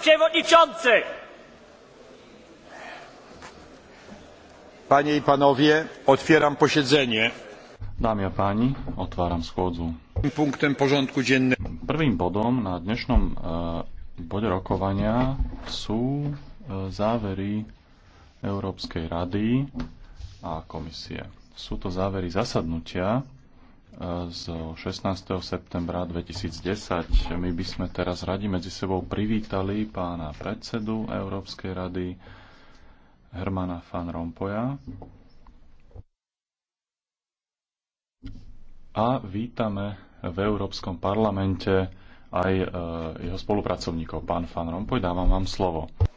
przewodniczący! Panie i panowie, otwieram posiedzenie. Dámy a páni, otváram schôdzu. Punktem pořádku dziennego. Prvým bodom na dnešnom e, bode rokovania sú e, závery Európskej rady a komisie. Sú to závery zasadnutia zo 16. septembra 2010. My by sme teraz radi medzi sebou privítali pána predsedu Európskej rady Hermana van Rompoja. A vítame v Európskom parlamente aj eh, jeho spolupracovníkov. Pán van Rompoj, dávam vám slovo.